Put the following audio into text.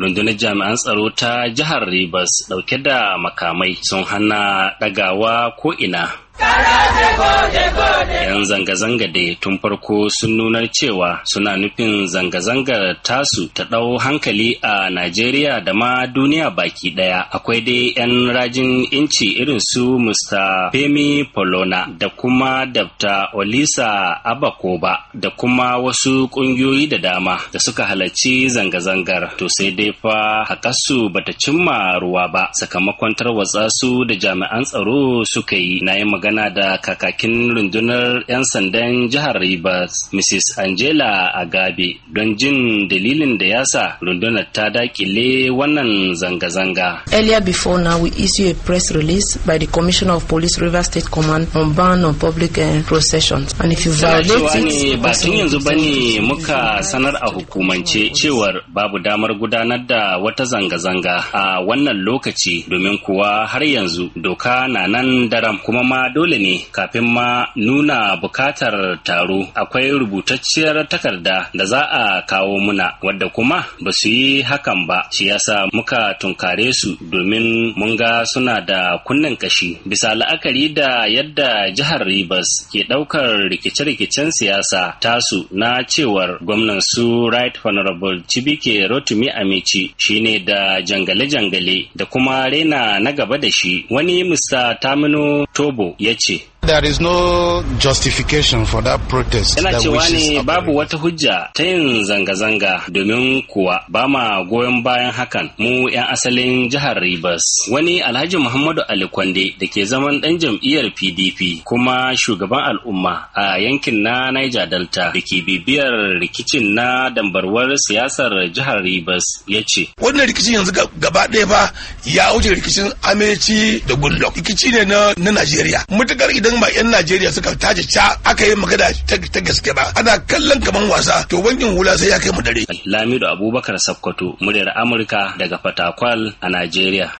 rundunar jami'an tsaro ta jihar Rivers dauke da makamai sun hana dagawa ko ina 'Yan zanga-zanga da tun farko sun nunar cewa suna nufin zanga-zangar tasu ta ɗau hankali a Najeriya da ma duniya baki ɗaya. Akwai dai 'yan rajin inci irin su Mr. Femi Polona da kuma Dr. Olisa Abakoba da kuma wasu ƙungiyoyi da dama da suka halarci zanga-zangar. To sai dai fa haƙarsu bata cimma ruwa ba sakamakon tarwatsa su da jami'an tsaro suka yi na yi magana magana da kakakin rundunar 'yan sandan jihar Rivers, Mrs. Angela Agabe, don jin dalilin da ya sa rundunar ta dakile wannan zanga-zanga. Earlier before now, we issue a press release by the Commissioner of Police river State Command on ban on public uh, processions. And if you violate it, ba tun yanzu ba ne muka sanar a hukumance cewar babu damar gudanar da wata zanga-zanga a wannan lokaci domin kuwa har yanzu doka na nan daram kuma ma dole ne kafin ma nuna bukatar taro akwai rubutacciyar takarda da za a kawo muna wadda kuma ba su yi hakan ba shi yasa muka tunkare su domin mun ga suna da kunnen kashi bisa la'akari da yadda jihar Ribas ke ɗaukar rikice-rikicen siyasa tasu na cewar gwamnan su Right Honorable Chibike Rotimi Amici shine da jangale-jangale da kuma rena na gaba da shi wani Mr. Tamino Tobo ya ce There is no justification for that protest. Yana cewa ne babu wata hujja ta yin zanga-zanga domin kuwa ba ma goyon bayan hakan mu 'yan asalin jihar Rivers. Wani Alhaji Muhammadu Ali Kwande da ke zaman ɗan jam'iyyar PDP kuma shugaban al'umma a yankin na Niger Delta da ke bibiyar rikicin na dambarwar siyasar jihar Rivers ya ce. Wannan rikicin yanzu gaba ɗaya ba ya wuce rikicin Ameci da Goodluck. Rikici ne na Najeriya. Mutukar idan ba yan Najeriya suka taje ca aka yi magana ta gaske ba ana kallon kaman wasa to wangin hula sai ya kai mu dare. Lamido Abubakar Sakkwato muryar Amurka daga Fatakwal a Najeriya.